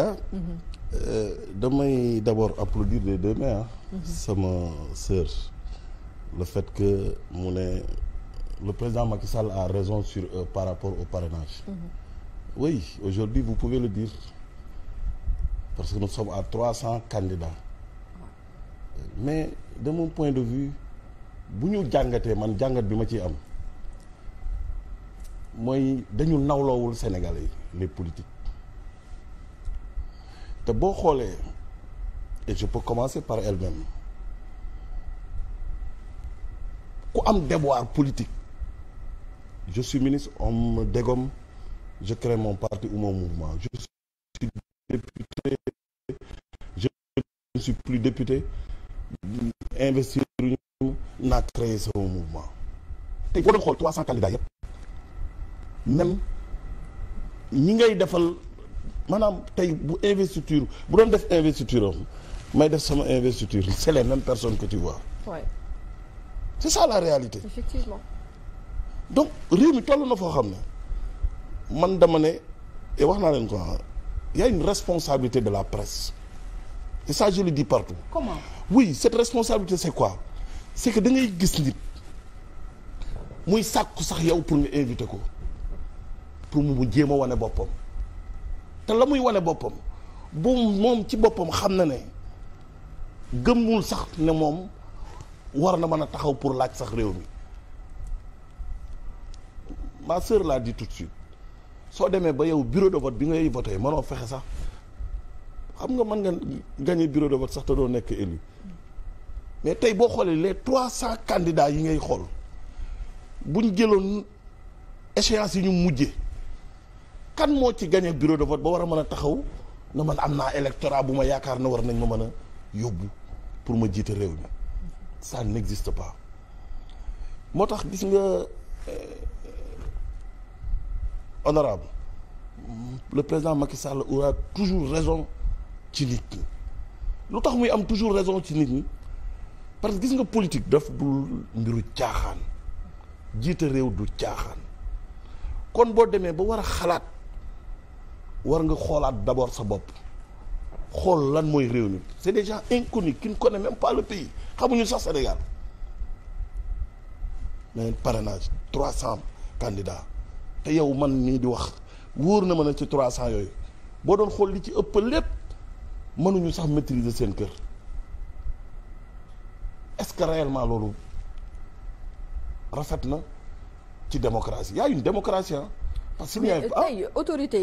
ah. damay d'abord applaudir les deux mains sama sœur le fait que mu ne le président Macky Sall a raison sur euh, par rapport au parrainage. Mm aujourd'hui vous pouvez le dire parce que nous sommes à trois cents candidats mais de point de vue bu ñu jàngatee man jàngat bi ma ci am mooy dañu nawloowul Sénégalais yi les politiques. te boo xoolee et je peux commencer par elle-même ku am déboire politique je suis ministre on me dégomme je crée mon parti ou mouvement je suis plus député investir ñu naa créé sama mouvement te boo doon xool trois cent candidats yëpp même ñi ngay defal maanaam tey bu investiture bu doon def investiture am may def sama investiture c'est les mêmes personnes que tu vois. Ouais. c'est ça la réalité. effectivement. donc réew mi toll na foo xam ne man dama ne et wax naa leen ko y a une responsabilité de la presse et ça je le partout. comment oui cette responsabilité c'est quoi c'est que da ngay gis nit muy sàkku sax yow pour nga inviter ko pour mu jéem a wane boppam. te la muy wane boppam bu moom ci boppam xam na ne gëmul sax ne moom war na mën a taxaw pour laaj sax réew mi ma sœur l'a dit tout suite soo demee ba yow bureau de vote bi ngay voté mënoo fexe sax xam nga mën nga gagné bureau de vote sax te doo nekk élu mais tey boo xoolee les trois cent candidats yi ngay xool buñ jëloon échéance yi ñu mujjee kan moo ci gagné bureau de vote ba war a mën a taxaw na man am naa électorat bu ma yaakaar na war nañ ma mën a yóbbu pour ma jiite réew mi ça n'existe pas moo tax gis nga euh, honorable le président Macky Sall aura toujours raison ci nit ñi lu tax muy am toujours raison ci nit ñi parce que gis nga politique def dul mbiru caaxaan jiite réew du caaxaan kon boo demee ba war a xalaat war nga xoolaat d'abord sa bopp xool lan mooy réew mi c'est des gens inconnus qui ne connaissent même pas le pays xamuñu sax Sénégal mais parrainage trois cent candidats te yow man nii di wax wóor na ma ne ci trois cent yooyu boo doon xool li ci ëpp lépp mënuñu sax maîtriser seen kër est-ce que réellement loolu rafet na ci démocratie y a démocratie ah parce que. mais autorité